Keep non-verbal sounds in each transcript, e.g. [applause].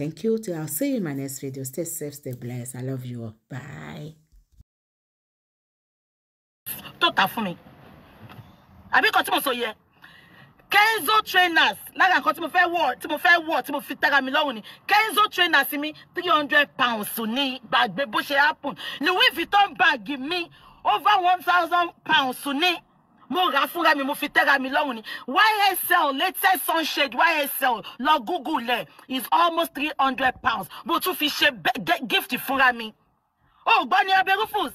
Thank you. Till I'll see you in my next video. Stay safe, stay blessed. I love you all. Bye. Tó ta fún mi. Àbí kan tí mo sọ yẹ. Kenzo trainers lára nǹkan tí mo fẹ́ wọ̀ tí mo fẹ́ wọ̀ tí fit. fi tẹ́ra mi lọ́rùn ni Kenzo trainers mi three hundred pounds ní gbàgbé bó ṣe happen Louis Vuitton bag Give me over one thousand pounds ní mo rà fúnra mi mo fi tẹ́ra mi lọ́rùn ni ysl latest sunshade ysl lọ google ẹ̀ is almost three hundred pounds mo tún fi ṣe gift fúnra mi o gbọ́ ni abẹ rufus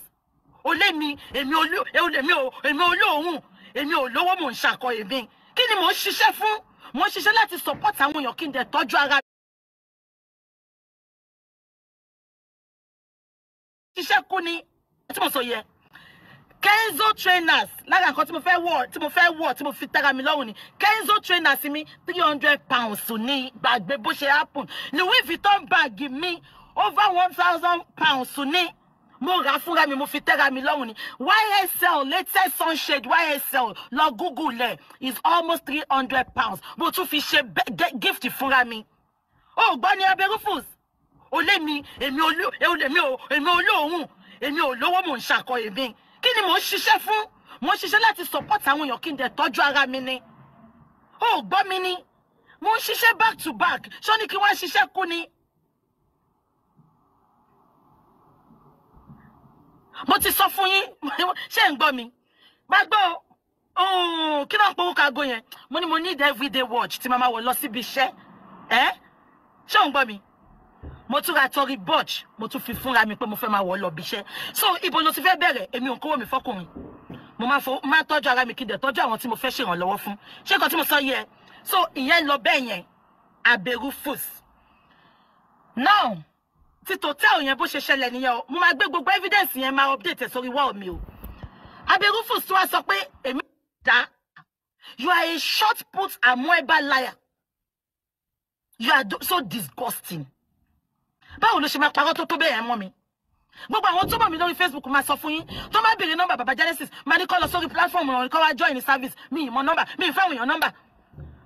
olé mi èmi olóòórùn èmi ò lówó mò ń ṣàkọ èmi kí ni mò ń ṣiṣẹ́ fún mò ń ṣiṣẹ́ láti support àwọn èèyàn kí n dẹ̀ tọ́jú ara mi. ṣiṣẹ́ kú ni tí mo sọ yẹ kenzo trainers lára nǹkan tí mo fẹ́ wọ̀ tí mo fẹ́ wọ̀ tí mo fi tẹ́ra mi lọ́rùn ni kenzo trainers mi three hundred pounds ní gbàgbé bó ṣe happen louis vuitton bag mi over one thousand pounds ní mo rà fúnra mi mo fi tẹ́ra mi lọ́rùn ni ysl latest sunshade ysl lọ google ẹ̀ is almost three hundred pounds mo tún fi ṣe gift fúnra mi O gbọ́ ní abẹ́ rufus olé mi èmi olóòórùn èmi ò lówó mò ń ṣàkọ èmi kí ni mò ń ṣiṣẹ́ fún mò ń ṣiṣẹ́ láti support àwọn èèyàn kí n dẹ̀ tọ́jú ara mi ni ó gbọ́ mi ni mò ń ṣiṣẹ́ back to back ṣó ni kí wọ́n ṣiṣẹ́ kú ni. mo ti sọ fún yín [laughs] ṣé ń gbọ́ mi gbàgbọ́ kí náà pòwó kago yẹn mo ní mo need everyday watch tí màmá wọ̀ lọ síbi iṣẹ́ ẹ́ ṣé ń gbọ́ mi mo tún ra torí budge mo tún fi fúnra mi pé mo fẹ́ máa wọ̀ lọ bí so ibo ló ti fẹ́ bẹ̀rẹ̀ èmi ò kówó mi fọkùnrin mo máa fọ máa tọ́jú ara mi kí n dẹ̀ tọ́jú àwọn tí mo fẹ́ ṣèrànlọ́wọ́ fún ṣé nǹkan tí mo sọ yẹ so ìyẹn lọ bẹ́ẹ̀ yẹn abẹ́rú fòs now ti tòtẹ́ẹ̀ yẹn bó ṣe ṣẹlẹ̀ nìyẹn o mo máa gbé gbogbo evidence yẹn máa update sórí wall mi o abẹ́rú fòs tí wọ́n sọ pé èmi dá you are a short put amoeba liar you are so disgusting báwo ló ṣe máa parọ́ tó tó bẹ́ẹ̀ mọ́ mi gbogbo àwọn tó mọ̀ mí lórí Facebook máa sọ fún yín tó máa béèrè nọ́mbà bàbá Genesis máa ní kọ́ lọ sórí platform rẹ̀ kọ́ wá join service mi ìmọ̀ nọ́mbà mi ìfẹ́ òyàn nọ́mbà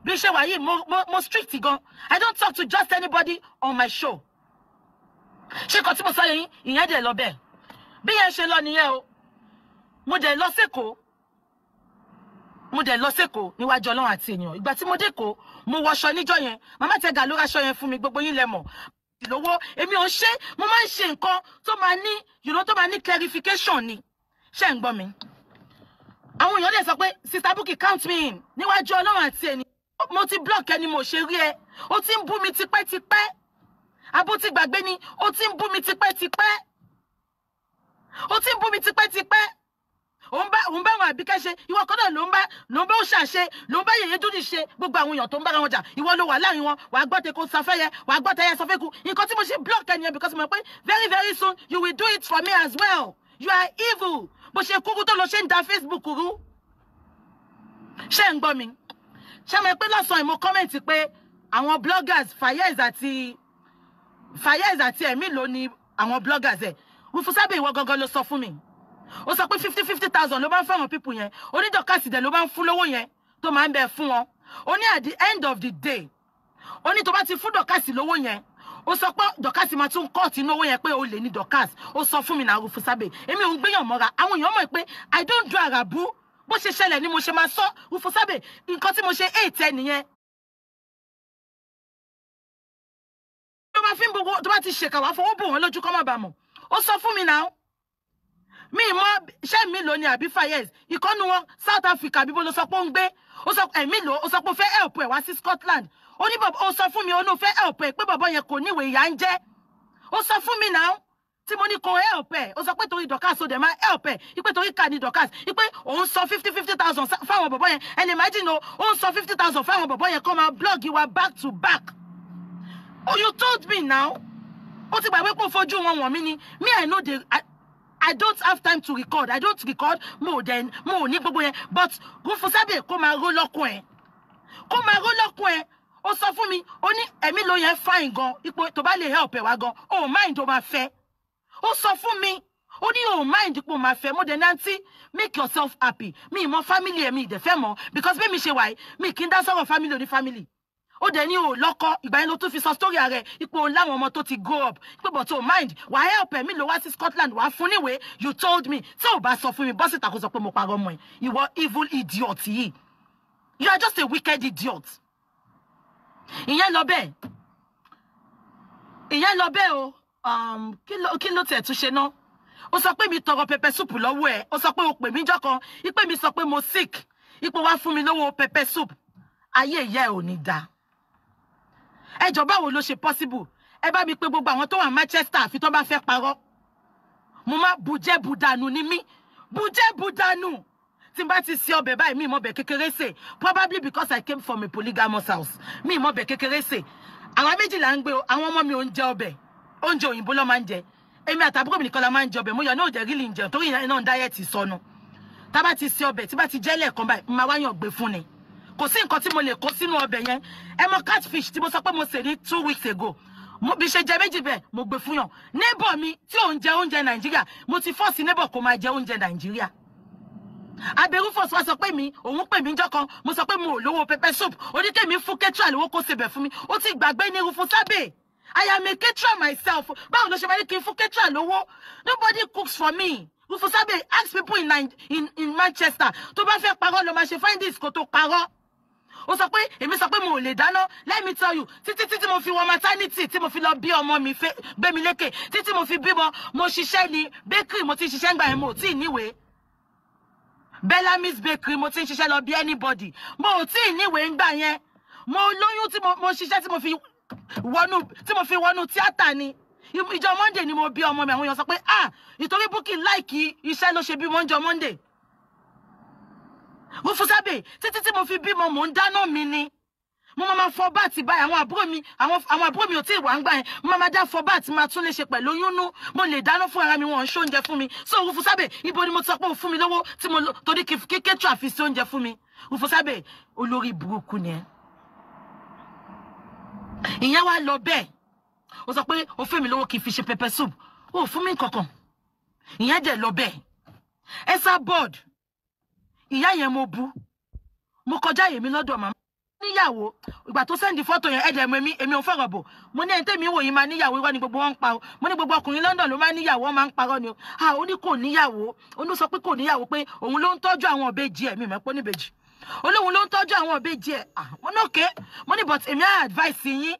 bí ṣe wà yìí mo mo strict gan I don't talk to just anybody on my show ṣé kan tí mo sọ yẹn ìyẹn dẹ̀ lọ bẹ́ẹ̀ bí yẹn ṣe lọ nìyẹn o mo dẹ̀ lọ sẹ́kọ̀ọ́ mo dẹ̀ lọ sẹ́kọ̀ọ́ níwájú ọlọ́run àti ènìyàn ìgbà tí mo dé kó mo wọṣọ níjọ́ yẹn màmá tẹ gà ló yẹn fún mi gbogbo yín lẹ mọ̀ lówó èmi ò ṣe mo máa ń ṣe nǹkan tó máa ní you know tó máa ní clarification ni ṣé ń gbọ́ mi. àwọn èèyàn lè sọ pé sista Bukky count me in níwájú ọlọ́run àti ẹni mo ti block ẹni mo ṣe rí ẹ o ti ń bú mi tipẹ́tipẹ́ abó ti gbàgbé ni o ti ń bú mi tipẹ́tipẹ́ o ti ń bú mi tipẹ́tipẹ́ òun bá òun bá àwọn àbíkẹ́ ṣe ìwọ kan náà ló ń bá ló ń bá òṣà ṣe ló ń bá yèyé dúdì ṣe gbogbo àwọn èèyàn tó ń bára wọn jà ìwọ ló wà láàrin wọn wàá gbọ́ teko safẹ́yẹ wàá gbọ́ tẹyẹ sọfẹ́kù nǹkan tí mo ṣe block ẹni because mo mọ̀ pé very very soon you will do it for me as well you are evil bó ṣe kúrú tó lọ ṣe ń da Facebook rú ṣé ń gbọ́ mi ṣé mo pé lọ́sàn-án mo comment pé àwọn bloggers Fayez àti Fayez àti ẹ̀mí ló ni àwọn bloggers ẹ̀ Rufusabe ìwọ gangan ló sọ fún mi ó sọ pé fifty fifty thousand ló bá ń fáwọn pípù yẹn onídọ̀kásì dẹ̀ ló bá ń fún lówó yẹn tó máa ń bẹ fún wọn ó ní at the end of the day ó ní tó bá ti fún dọ̀kásì lówó yẹn ó sọ pé dọ̀kásì máa tún kọ́ọ̀tì inú owó yẹn pé ó lè ní dọ̀kásì ó sọ fún mi náà rúfu sábẹ̀ èmi ò ń gbéyàn mọ́ra àwọn èèyàn mọ̀ pé i don't do àràbù bó ṣe ṣẹlẹ̀ ni mo ṣe máa sọ rúfu sábẹ̀ nǹkan tí mo ṣe eight ẹ nìyẹn tó bá fi ń bo tó bá ti ṣèkà wá fowó bò wọn lójú kọ́ má bàa mọ̀ sọ fún mi náà mi mọ ṣé mi lò ní àbí fayez ìkọ́nu wọn south africa bíbó ló sọ pé ó ń gbé ó sọ ẹ̀mí lò ó sọ pé help ẹ̀ wá sí scotland ó ní bàbá ó sọ fún mi ó ní ó help ẹ̀ pé bàbá yẹn kò níwèé ìyá ń jẹ́ ó sọ fún mi náà tí mo ní kò help ẹ̀ ó sọ pé torí dorcas ó dẹ̀ máa help ẹ̀ ipe tori ká ní dorcas ipe òun sọ fifty fifty thousand fáwọn bàbá yẹn ẹni imagine o òun sọ fifty thousand fáwọn bàbá yẹn kó máa blog are back to back oh you told me now O ti gbàgbé pé fojú wọn wọ̀n mí ni me i know the I don't have time to record. I don't record mo then mo ní gbogbo yẹn but Rufus Abẹ kó máa ró lọ́kùn ẹ̀ kó máa ró lọ́kùn ẹ̀ ó sọ fún mi O ni emi ló yẹn fine gan ipò tó bá lè help ẹ̀ wá gan ó mind ó ma fe. O sọ fún mi ó ní ó mind pé ma fe. fẹ́ mo dẹ̀ náà make yourself happy Me ì family ẹ̀ mi ì dẹ̀ fẹ́ because me mi ṣe why me mi kì í family sọ̀rọ̀ family family ó dẹ̀ ní o lọ́kọ́ ìgbà yẹn ló tún fi sọ sórí ààrẹ ipò òun láwọn ọmọ tó ti grow up pé but o oh, mind wàá help ẹ̀ mi lọ wá sí Scotland wàá fún níwèé you told me tí ò bá sọ fún mi bọ́sì tàkó sọ pé mo parọ́ mọ́ ẹ̀ ìwọ evil idiot yìí you are just a wicked idiot ìyẹn lọ bẹ́ẹ̀ ìyẹn lọ bẹ́ẹ̀ o um, kí ló tẹ̀ tún ṣe náà ó sọ pé mi tọrọ pẹpẹ súpù lọ́wọ́ ẹ̀ ó sọ pé o pè mí jọ́kan ipé mi sọ pé mo sick ipò wá fún mi lówó pẹpẹ soup ayé ìyá ẹ ò ní dáa ẹjọ báwo ló ṣe possible ẹ bá mi pé gbogbo àwọn tó wà Manchester àfi tó bá fẹ́ parọ́ mo má bùjẹ́ bùdànù ni mí bùjẹ́ bùdànù tí n bá ti ṣe ọbẹ̀ báyìí mi ìmọ̀bẹ̀ kékeré sè probably because I came from a polygamous house mi ìmọ̀bẹ̀ kékeré sè àwọn méjì là ń gbé o àwọn ọmọ mi ò ń jẹ ọbẹ̀ oúnjẹ òyìnbó ló máa ń jẹ èmi àtàbúrò mi nìkan la máa ń jẹ ọbẹ̀ mo yàn náà jẹ́ rílì ń torí náà ń dáyẹ̀tì sọnù tá bá ti ṣe ọbẹ̀ tí bá ti jẹ́ lẹ́ẹ̀kan báyìí máa wáyàn gbé fún ni kò sí nǹkan tí mo lè kó sínú ọbẹ̀ yẹn ẹ mọ catfish tí mo sọ pé mo sè ní two weeks ago mo bí ṣe jẹ méjì bẹ́ẹ̀ mo gbé fún yàn neighbor mi tí òun jẹ oúnjẹ nàìjíríà mo ti fọ́ọ̀sì neighbor kó máa jẹ oúnjẹ nàìjíríà abẹ́rú fọ́ọ̀sì wá sọ pé mi òun pè mí jọ́kan mo sọ pé mo ò lówó pepper soup oníkèmí fún ketra lówó kó sebẹ̀ fún mi ó ti gbàgbé ní irun fún sábẹ́ I am a caterer myself báwo ló ṣe máa ní kí n fún caterer lówó nobody cooks for me Rufusabe ask people in, in, in Manchester tó bá fẹ́ parọ́ ló máa ṣe find this kó tó parọ́ ó sọ pé èmi sọ pé mo ò lè dáná let me tell you títí títí mo fi wọ maternity tí mo fi lọ bí ọmọ mi gbémi lékè títí mo fi bímọ mo ṣiṣẹ́ ní bakery mo ti ṣiṣẹ́ ńgbà yẹn mo ò tí ì níwèé Bellamy's bakery mo ti ń ṣiṣẹ́ lọ bí anybody mo ò tí ì níwèé ńgbà yẹn mo lóyún tí mo ṣiṣẹ́ tí mo fi wọnú tí mo fi tíátà ni ìjọ Monday ni mo bí ọmọ mi àwọn èèyàn sọ pé ah ìtorí Bukky láìkí iṣẹ́ ló ṣe bí wọ́n jọ Monday mo fún sábẹ́ títí tí mo fi bímọ mò ń dáná mi ni mo máa máa fọ báàtì báyìí àwọn àbúrò mi àwọn àbúrò mi ò tí ì wá ń gbà yẹn mo máa máa dá fọ báàtì máa tún lè ṣe pẹ̀lú oyúnú mo lè dáná fún ara mi wọn ò ń ṣe oúnjẹ fún mi so òfin sábẹ́ ibo ni mo ti sọ pé òun fún mi lówó tí mo torí kékeré tó àfi sí oúnjẹ fún mi òfin sábẹ́ olórí burúkú ni ẹ. ìyẹn wá lọ bẹ́ẹ̀ o sọ pé o fún mi lówó kì í fi ṣe pepper soup o fún mi kankan ìyẹn dẹ̀ lọ bẹ́ẹ̀ ẹ sá bọ́ọ̀dù ìyá yẹn mo bu mo kọjá èmi lọ́dọ̀ màmá níyàwó ìgbà tó sẹ́ndì fọ́tò yẹn ẹ̀dẹ̀ mi èmi ò fọ̀rọ̀ bò mo ní ẹni tẹ́mi wò yín máa níyàwó irọ́ ni gbogbo wọn ń pa o mo ní gbogbo ọkùnrin London ló máa níyàwó wọn máa ń parọ́ ni o a ó ní kò níyàwó ó ní sọ pé kò níyàwó pé òun ló ń tọ́jú àwọn ọ̀bẹ́jì ẹ̀mí mẹ́pọ́ níbejì olóhun ló ń tọ́jú àwọn ọ̀bẹ́jì ẹ̀ mo ní òkè mo ní but èmi advice yín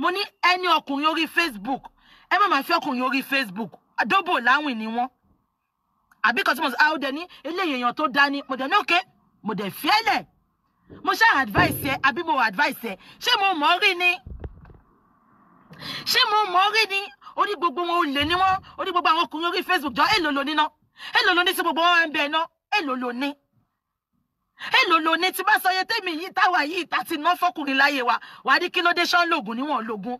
mo ní ẹni ọkùnrin orí Facebook ẹ má máa fi ọkùnrin orí Facebook àdóbò láwìn ni wọ́n àbí kan tí mo sọ àwọn ọdẹ ní eléyìí èèyàn tó dá ní mo dẹ̀ òkè mo dẹ̀ fiẹ́lẹ̀ mo ṣe advice ẹ àbí mo advice ẹ ṣé mo mọ̀ rí ni ṣé mo mọ̀ rí ni ó ní gbogbo wọn olè ni wọn ó ní gbogbo àwọn ọkùnrin orí Facebook jọ èlò lò níná èlò lò ní sí gbogbo wọn ẹnbẹ iná èlò lò ní èlò lò ní tí bá sọ yẹ tèmi yìí táwa yìí tá ti ná fọkùnrin láyé wa wà á ní kí ló ṣán lògùn níwọ̀n lògùn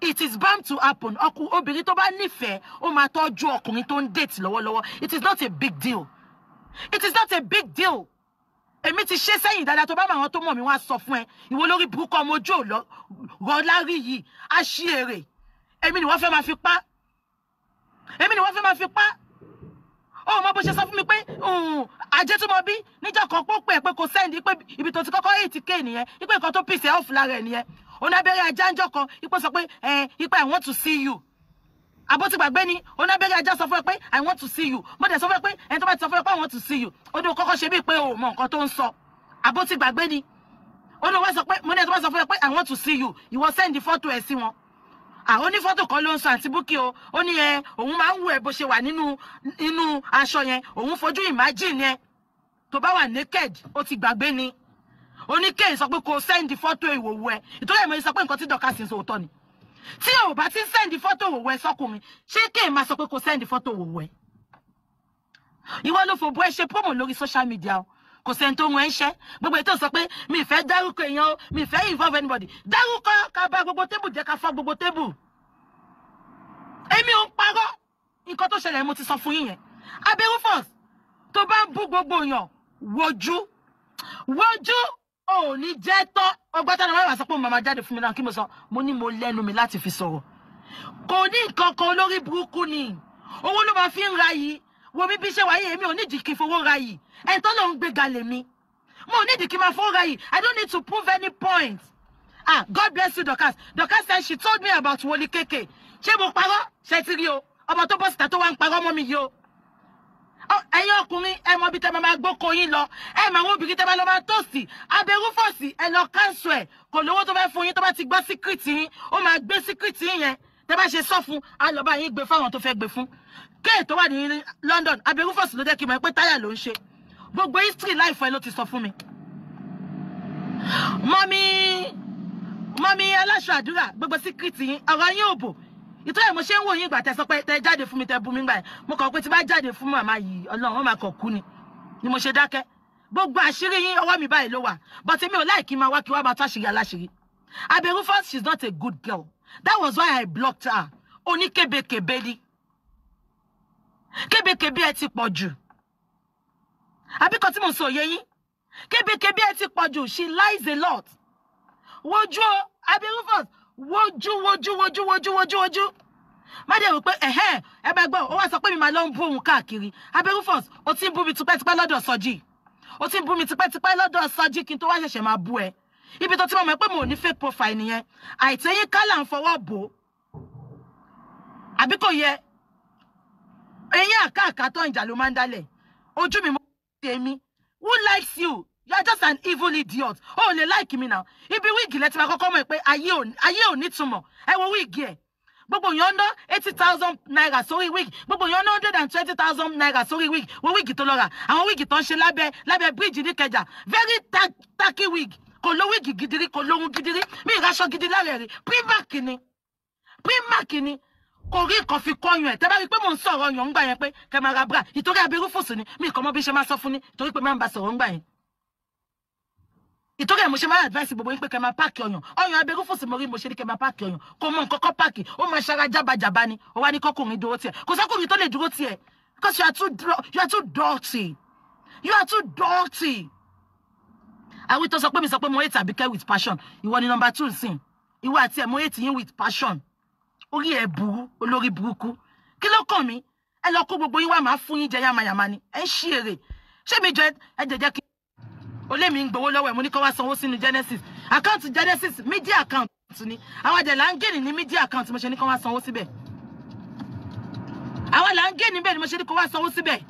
it is bound to happen ọkùn obìnrin tó bá nífẹ̀ẹ́ ó máa tọ́jú ọkùnrin tó ń date lọ́wọ́lọ́wọ́ it is not a big deal it is not a big deal èmi ti ṣe sẹ́yìn dáadáa tó bá mọ àwọn tó mọ̀ mí wá sọ fún ẹ ìwọ lórí burúkú ọmọ ojú ò lárí yìí á ṣí èrè èmi ni wọ́n fẹ́ máa fi pa èmi ni wọ́n fẹ́ máa fi pa ó mọ bó ṣe sọ fún mi pé ajétúmọ̀bí níjọ́ kan pé ó pè é pé kò sẹ́ndí pé ibi tó ti kọ́kọ́ eight k nìyẹn ipe nǹkan tó pèsè off lára ẹ̀ nìyẹn onábẹ́rẹ́ ajá ń jọ́kan ipò sọ pé ẹ ipò i want to see you àbótigbàgbé ni onábẹ́rẹ́ ajá sọ fún ẹ pé i want to see you mo dẹ̀ sọ fún ẹ pé ẹni tó bá ti sọ fún ẹ pé i want to see you ó ní o kọ́kọ́ ṣe bíi pé o mọ nǹkan tó ń sọ àbótigbàgbé ni olùwà sọ pé mo ní ẹni tó bá sọ fún ẹ pé i want to see you ìwọ sẹ́ndì fọ́tò ẹ̀ sí wọn àwọn onífọ́tò kan ló ń sọ àti búkì o ó ní ẹ òun máa ń wù ẹ bó ṣe wà nínú inú aṣọ yẹn òun fojú imagine yẹn tó bá wà naked ó ti gbàgbé ni oníkéyìn sọ pé kò sẹ́ndì fọ́tò ìwòwò ẹ̀ ìtọ́lẹ̀ ìmọ̀ yìí sọ pé nǹkan tí dọ̀ka sì ń sọ ni tí o bá ti sẹ́ndì fọ́tò òwò ẹ̀ sọkùnrin ṣé kéyìn máa sọ pé kò sẹ́ndì fọ́tò òwò ẹ̀ ìwọ ló fò bó ẹ ṣe promo lórí social media o kò sẹ́ni tó wọn ṣẹ́ gbogbo ètò sọ pé mi fẹ́ dárúkọ èèyàn o mi fẹ́ involve anybody dárúkọ ká bá gbogbo tébù jẹ́ ká fọ́ gbogbo tébù èmi ò ń parọ́ nǹkan tó ṣẹlẹ̀ mo ti sọ fún yín yẹn abẹ́rú first tó bá ń bú gbogbo èèyàn wojú wojú ò ní jẹ́ tọ́ ọgbẹ́ tánà wáyé wà sọ pé mo máa jáde fún mi náà kí mo sọ mo ní mo lẹ́nu mi láti fi sọ̀rọ̀ kò ní nǹkan kan olórí burúkú ni owó ló máa fi ń ra yìí wo mi bí ṣe wáyé èmi ò nídìí kí n fowó ra yìí ẹni tó lòún gbé galè mi mo ò nídìí kí n máa fowó ra yìí I don't need to prove any point ah God bless you Dorcas Dorcas said she told me about Wole Keke ṣé mo parọ́ ṣe ti rí o ọmọ tó bọ́ síta tó wá ń parọ́ mọ́ mi yìí o ẹ̀yin ọkùnrin ẹ mọ ibi tẹ́ máa gbóko yín lọ ẹ mọ àwọn obìnrin tẹ́ máa lọ máa tòsí abẹ́rúfọ̀sì ẹ lọ káńsù ẹ̀ kò lówó tó fẹ́ fún yín tó bá ti gbọ́ síkírìtì yín ó máa gbé síkírìtì yín yẹn tẹ́ bá ṣe sọ fún alọ́ba yín gbé fáwọn tó fẹ́ gbé fún kéè tó wà ní London abẹ́rúfọ̀sì ló jẹ́ kí n mọ̀ pé táyà ló ń ṣe gbogbo history life ẹ ló ti sọ fún mi mọ́mí mọ́mí aláṣọ àdúrà gbogbo síkírìtì yín ọ̀rọ̀ yín òbò ìtọ́yẹ̀ mo ṣe ń wò yín ìgbà tẹ sọ pé tẹ jáde fún mi tẹ bu mi gbà yẹn mo kàn pé tí bá jáde fún màmá yìí ọlọ́run wọn máa kàn kú ni ni mo ṣe dákẹ́ gbogbo àṣírí yín ọwọ́ mi báyìí ló wà but èmi ò láìkí máa wá kí wá máa tó àṣírí aláṣírí Aberufus she's not a good girl that was why I blocked her oníkébékébé ni kébékébé ẹ ti pọ̀ jù àbíkọ tí mo sọ òye yín kébékébé ẹ ti pọ̀ jù she lies a lot wojú o Aberufus wojú wojú wojú wojú wojú wojú mádìyà wípé ẹ̀hẹ́n ẹ bá gbọ́ ó wá sọ pé mi máa lọ ń bú òun káàkiri abẹ́rúfọ́s ó ti ń bú mi tipẹ́tipẹ́ lọ́dọ̀ sọ́jì ó ti ń bú mi tipẹ́tipẹ́ lọ́dọ̀ sọ́jì kí n tó wá ṣẹ̀ṣẹ̀ máa bú ẹ ibi tó ti mọ̀ mọ́ pé mo ò ní fake profile nìyẹn àìtẹ́yìn kálà ń fọwọ́ bò ó àbí kò yẹ eyín àkáàkátọ́ ìjà ló máa ń dálẹ̀ ojú mi mo ń ṣe mí who likes you you are just an evil idiot Oh, like me now? lè be mi let ibi wíìgì come. máa kọ́kọ́ mọ̀ pé ayé ò nítumọ̀ ẹ wo wíìgì ẹ̀ gbogbo èèyàn ná eighty thousand naira sórí wíìgì gbogbo èèyàn ná hundred and twenty thousand naira sórí wíìgì wo wíìgì tó lọ rà àwọn wíìgì tó ń ṣe lábẹ́ lábẹ́ bíríìjì níkẹjà very tacky wig kò ló wíìgì gidiri kò lóhun gidiri mi ìraṣọ gidi lálẹ́ rí primark ni primark ni kò rí nǹkan fi kọ́ yan ẹ̀ tẹ́ rí i pé mò ń sọ̀rọ̀ yan ń gbà yẹn pé kẹ́ bra ìtorí abirú ni mi ìkọ́mọ́ bí ṣe máa sọ fún ni torí pé máa ń ba sọ̀rọ̀ ń gbà yẹn ìtọ́ka ẹ̀ mo ṣe máa advice gbogbo yín pé kẹ́ máa páàkì ọyàn ọyàn abẹ́rú fòsì mo rí mo ṣe ní kẹ́ máa páàkì ọyàn kò mọ nǹkan kọ́ páàkì ó máa ṣara jábàjábà ni ó wá ní kọ́kùnrin dúró tiẹ̀ kò sọ́kùnrin tó lè dúró tiẹ̀ because you are too you are too dirty you are too dirty. àwí tó sọ pé mi sọ pé mo hate Àbíkẹ́ with passion ìwọ ni number two sìn ìwọ àti ẹ̀ mo hate yín with passion orí ẹ̀ burú olórí burúkú kí ló kàn mí ẹ lọ kó gbogbo yín wá máa fún yín jẹ yàmàyàmà ni ẹ ń ṣí èrè ṣé mi jẹ ẹ jẹjẹ olémi ń gbowó lọ́wọ́ ẹ̀ mo ní kó wá sanwó sínú genesis account genesis media account ni àwọn àjẹ̀ là ń gé ní media account mo ṣe ní kó wá sanwó síbẹ̀ àwọn là ń gé níbẹ̀ ni mo ṣe ní kó wá sanwó síbẹ̀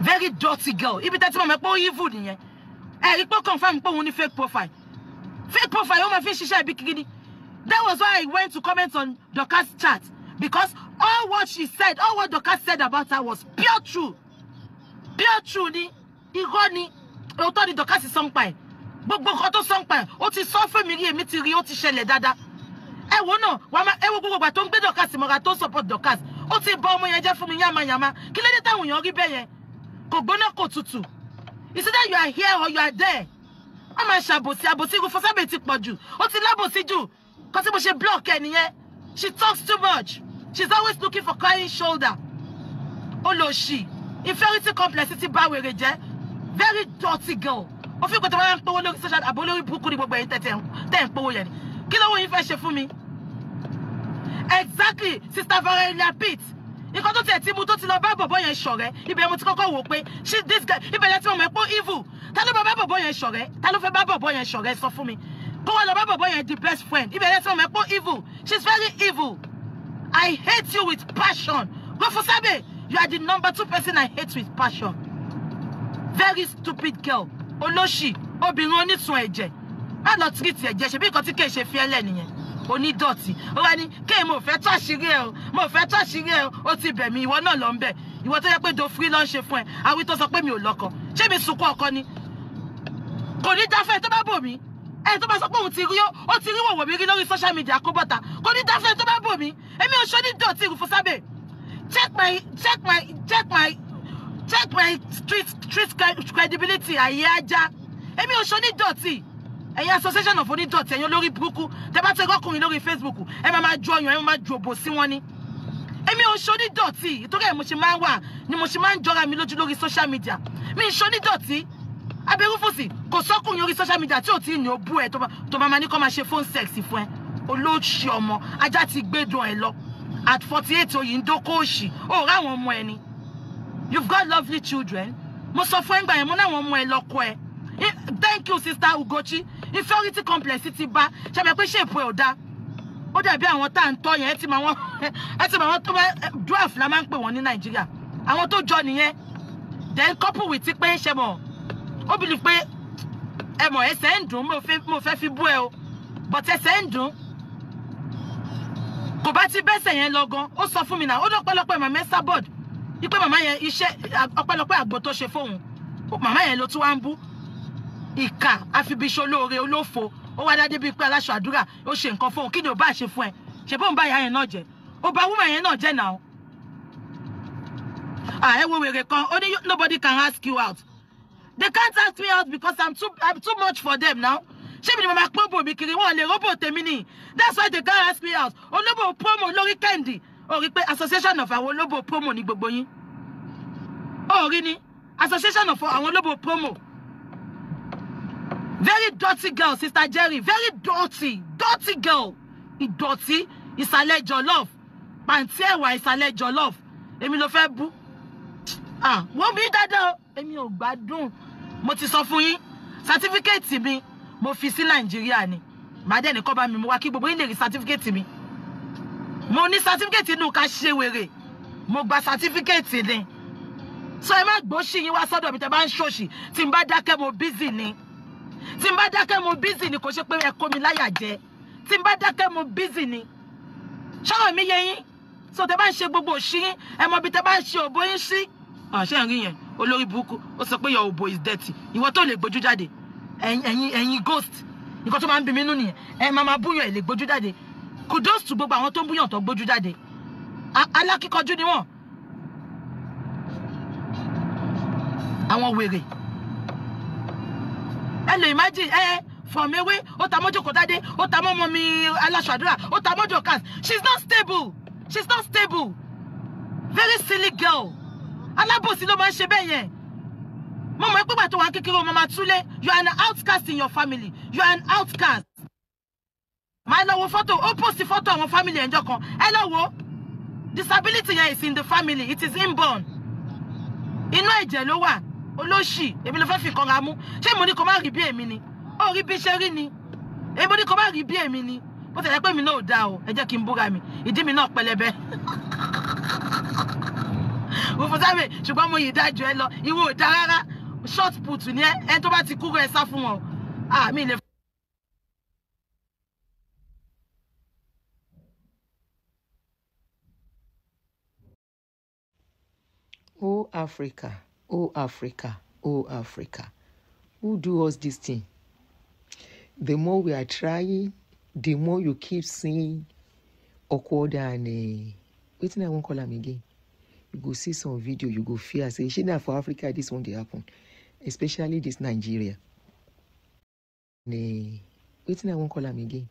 very dirty girl ibi tẹ́tí mọ̀ mọ́ pé ó evil nìyẹn ẹ̀ rí pé confam pé òun ní fake profile fake profile ó máa fi ń ṣiṣẹ́ ibi kiri ni that was why I went to comment on Dorcas chat because all what she said all what Dorcas said about her was pure true pure true ni irọ́ ni òótọ́ ni dọ̀kásì sọ́npa ẹ̀ gbogbo nǹkan tó sọ́npa ẹ̀ ó ti sọ fún mi rí èmi ti rí ó ti ṣẹlẹ̀ dáadáa ẹ wo náà wàá má ẹ wo gbogbo ìgbà tó ń gbé dọ̀kásì mọ́ra tó ń support dọ̀kásì ó ti bọ ọmọ yẹn jẹ́ fún mi yàmáyàmá kí ló dé táwọn èèyàn rí bẹ́ẹ̀ yẹn kò gbóná kò tutù is it that you are here or you are there wọ́n máa ṣàbòsí àbòsí irú fọ́sábẹ̀ ti pọ̀ jù ó ti lábòsí jù kó tí mo ṣe block ẹ nìyẹn she talks too much she's always looking for crying shoulder ó lò ṣì inferiority complex ti bá wèrè jẹ́ very dirty girl ó fi pẹ̀tẹ̀ báyà ń pọ́wọ́ lórí social àbó lórí burúkú ni gbogbo ẹ̀yin tẹ̀tẹ̀ tẹ̀ ń pọ́wọ́ yẹn ni kí lówó yín fẹ́ ṣe fún mi exactly sister Valeria Pitt nǹkan tó tiẹ̀ ti mu tó ti lọ bá bọ̀bọ̀ yẹn ṣọ̀rẹ́ ibẹ̀ mo ti kọ́kọ́ wò pé she this guy ibẹ̀ yẹn ti mọ̀ mọ́ pé evil ta ló bá bọ̀bọ̀ yẹn ṣọ̀rẹ́ ta ló fẹ́ bá bọ̀bọ̀ yẹn ṣọ̀rẹ́ sọ fún mi kó wá lọ bá bọ̀bọ̀ yẹn the best friend ibẹ̀ yẹn ti mọ̀ mọ́ pé evil she is very evil I hate you with passion Gbófúsàbẹ̀ you are the number two person I hate with passion very stupid girl olóṣì obìnrin onísun ẹ̀jẹ̀ má lọ tírìtì ẹ̀jẹ̀ ṣe bí nǹkan tí kì í ṣe fi ẹlẹ́ nìyẹn onídọ̀tí ó wá ní kéè mo fẹ́ tọ́ àṣírí ẹ o mo fẹ́ tọ́ àṣírí ẹ o ó ti bẹ̀ mí ìwọ náà lọ ń bẹ̀ ìwọ tó yẹ pé do free ló ń ṣe fún ẹ àwí tó sọ pé mi ò lọ́kọ ṣé mi sunkún ọkọ ni kò ní dáfẹ́ tó bá bò mí ẹ tó bá sọ pé òun ti rí ó ti rí wòwò mi rí lórí social media kó bọ́ta kò ní dáfẹ́ tó bá bò mí èmi ò ṣonídọ̀tí ìrùfọ́sábẹ̀ check my check my check my check my street street credibility àyè ajá èmi ò ṣonídọ̀tí ẹ̀yin association of onídọ̀tí ẹ̀yin olórí burúkú tẹ́ bá tẹ́ gọ́kùnrin lórí facebook ẹ máa máa ju ọyàn ẹ máa máa ju òbò sí wọn ni èmi ò ṣonídọ̀tí ìtọ́ka ẹ̀ mo ṣe máa ń ni mo ṣe máa ń jọra mi lójú lórí social media mi ṣonídọ̀tí abẹ́rúfòsì kò sọ́kùnrin orí social media tí ò tí ì ní o bú ẹ tó máa máa ní kó máa ṣe phone sex fún ẹ olóòṣì ọmọ ajá ti gbẹ́dùn ẹ lọ at forty eight oyindókòòṣì ó ráwọn ọmọ ẹni you've got lovely children mo sọ fún ẹgbà yẹn mo náwọn ọmọ ẹ lọkọ ẹ thank you sister Ugochi If complex ti bá ṣe mẹ pé ṣèpò ẹ ò dáa ó dàbí àwọn tá à ń tọ́ my one. ti mọ àwọn ẹ ti mọ àwọn tó bá dwarf la máa ń pè wọ́n ní nàìjíríà then couple with it. pé ṣe mọ ó bìlì pé ẹ mọ ẹsẹ̀ ń dùn mo fẹ́ fi but ẹsẹ̀ ń dùn kò bá ti bẹ́sẹ̀ yẹn lọ gan ó sọ fún mi náà ó dọ́pẹ́lọpẹ́ mọ̀ mẹ́sà bọ́ọ̀dù ipe màmá yẹn iṣẹ́ ọpẹ́lọpẹ́ àgbo tó ṣe fóun màmá yẹn ló tún wá ń bú ìkà àfibíṣe olóore olófo ó wá dádé bíi pé aláṣọ àdúrà ó ṣe nǹkan fóun kí ò bá ṣe fún ẹ ṣe bóun bá ìyá yẹn náà jẹ ó bá wúmọ yẹn náà jẹ náà ààyè wo wèrè kan ó ní nobody can ask you out they can't ask me out because i'm too i'm too much for them now ṣé mi ni mo máa pọ́nbò mi kiri wọn lè róbò tèmi nìyí that's why they can't ask me out olóbò promo lórí kẹ́ndì ó pé association of àwọn olóbò promo ní gbogbo yín ó ni association of àwọn olóbò promo very dirty girl sister Jerry very dirty dirty girl ìdọ̀tí ìsàlẹ̀ jollof pàǹtí ẹ̀wà ìsàlẹ̀ jollof èmi ló fẹ́ bú wọ́n bí dáadáa èmi ò gbádùn mo ti sọ fún yín sátífíkẹ́ẹ̀tì mi mo fi sí nàìjíríà ni màá dẹ́ni kọ́ bá mi mú wá kí gbogbo yín lè rí sátífíkẹ́ẹ̀tì mi mo ní sátífíkẹ́ẹ̀tì inú ká ṣe wèrè mo gba sátífíkẹ́ẹ̀tì ni so ẹ má gbóṣì yín wá sọ́dọ̀ mi tẹ́ bá ń ṣòṣì tí n bá dákẹ́ mo bízì ni tí n bá dákẹ́ mo bízì ni kò ṣe pé ẹ mi láyà jẹ tí n bá dákẹ́ mo bízì ni ṣọ́ọ̀ mi yẹ yín so tẹ́ bá ń ṣe gbogbo òṣì yín ẹ mọ ibi tẹ́ bá ń ṣe òbó yín sí. àṣẹ ń rí yẹn olórí burúkú ó sọ pé your òbò is dirty ìwọ tó lè gbójú jáde ẹ̀yin ghost nǹkan tó máa ń bí mi nú nìyẹn ẹ máa máa búyàn ẹ lè gbójú jáde kudos to gbogbo àwọn tó ń búyàn tó gbójú jáde alákíkanjú ni wọn àwọn wèrè ẹ lè imagine ẹ fọmẹwé ó ta mọjọ kọtádé ó ta mọmọ mi aláṣàdúrà ó ta mọjọ cas she is not stable she is not stable very silly girl alábòsí ló máa ń ṣe bẹ́ẹ̀ yẹn mo mọ̀ ẹ́ pé gbà tó wà kékeré o mo máa túlé you are an outcast in your family you are an outcast. My lọ wo fọ́tò ó post the photo of my family and joko. ẹ wo disability yẹn is in the family it is inborn inú ẹ̀jẹ̀ ló wa Oloshi, èmi ló fẹ́ fi kanra mú ṣé mo ni kó má rí bí èmi ni ó rí bí ṣe rí ni èmi mo ní kó má rí bí ni bó ti yẹ pé mi náà ò dáa o ẹ jẹ́ kí n búra mi ìdí mi náà pẹlẹbẹ mo fọ sáré ṣùgbọ́n mo yìí dájú ẹ lọ ìwọ ò dáa short put ni ẹ ẹni tó bá ti kúrò ẹ sá fún wọn àmì ah, ilẹ̀. O Africa, O Africa, O Africa, who do us this thing? The more we are trying, the more you keep seeing awkward and uh, wetin I won't call him again. You go see some video, you go fear say, shey not for Africa this one dey happen, especially this Nigeria. And, uh, wetin I won't call him again.